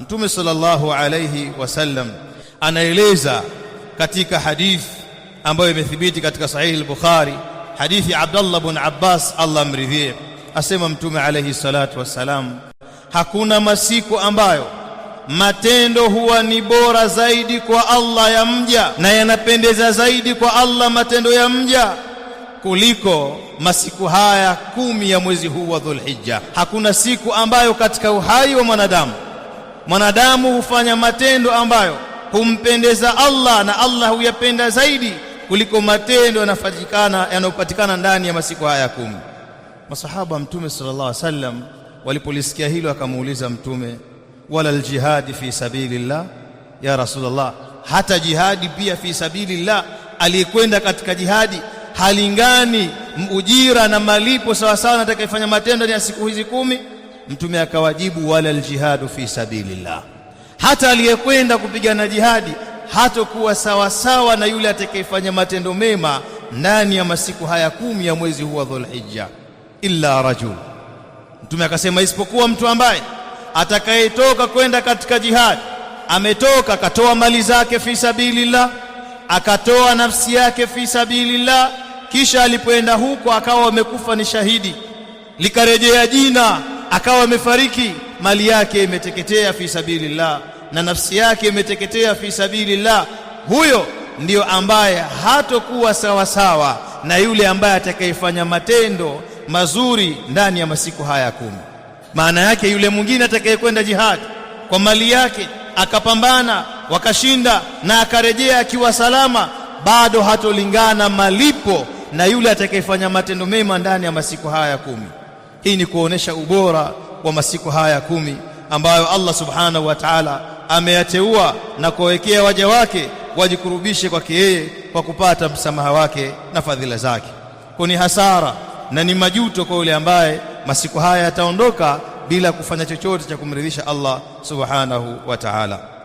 Mtume sallallahu alayhi wasallam anaeleza katika hadithi ambayo imethibiti katika sahihi al-Bukhari, hadithi Abdullah ibn Abbas, Allah amridhie, asema Mtume alayhi salatu wassalam, hakuna masiku ambayo matendo huwa ni bora zaidi kwa Allah ya mja na yanapendeza zaidi kwa Allah matendo ya mja kuliko masiku haya kumi ya mwezi huu wa Dhulhijja. Hakuna siku ambayo katika uhai wa mwanadamu mwanadamu hufanya matendo ambayo humpendeza Allah na Allah huyapenda zaidi kuliko matendo yanayopatikana yanayopatikana ndani ya masiku haya kumi. Masahaba Mtume sallallahu alaihi wasallam walipolisikia hilo akamuuliza Mtume, wala aljihadi fi sabilillah ya Rasulullah, hata jihadi pia fi sabilillah, aliyekwenda katika jihadi halingani ujira na malipo sawasawa na atakayefanya matendo ya siku hizi kumi? Mtume akawajibu wala aljihadu fi sabilillah, hata aliyekwenda kupigana jihadi hatokuwa sawasawa na yule atakayefanya matendo mema ndani ya masiku haya kumi ya mwezi huu wa Dhulhijja, illa rajul. Mtume akasema isipokuwa mtu ambaye atakayetoka kwenda katika jihadi, ametoka akatoa mali zake fi sabilillah, akatoa nafsi yake fi sabilillah, kisha alipoenda huko akawa amekufa ni shahidi, likarejea jina akawa amefariki, mali yake imeteketea fi sabilillah, na nafsi yake imeteketea fi sabilillah. Huyo ndiyo ambaye hatokuwa sawasawa na yule ambaye atakayefanya matendo mazuri ndani ya masiku haya kumi. Maana yake yule mwingine atakayekwenda jihad kwa mali yake akapambana wakashinda na akarejea akiwa salama, bado hatolingana malipo na yule atakayefanya matendo mema ndani ya masiku haya kumi. Hii ni kuonesha ubora wa masiku haya kumi ambayo Allah subhanahu wa ta'ala ameyateua na kuwawekea waja wake wajikurubishe kwake yeye kwa kupata msamaha wake na fadhila zake. Kwa ni hasara na ni majuto kwa yule ambaye masiku haya yataondoka bila kufanya chochote cha kumridhisha Allah subhanahu wa ta'ala.